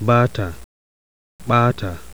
bata ɓata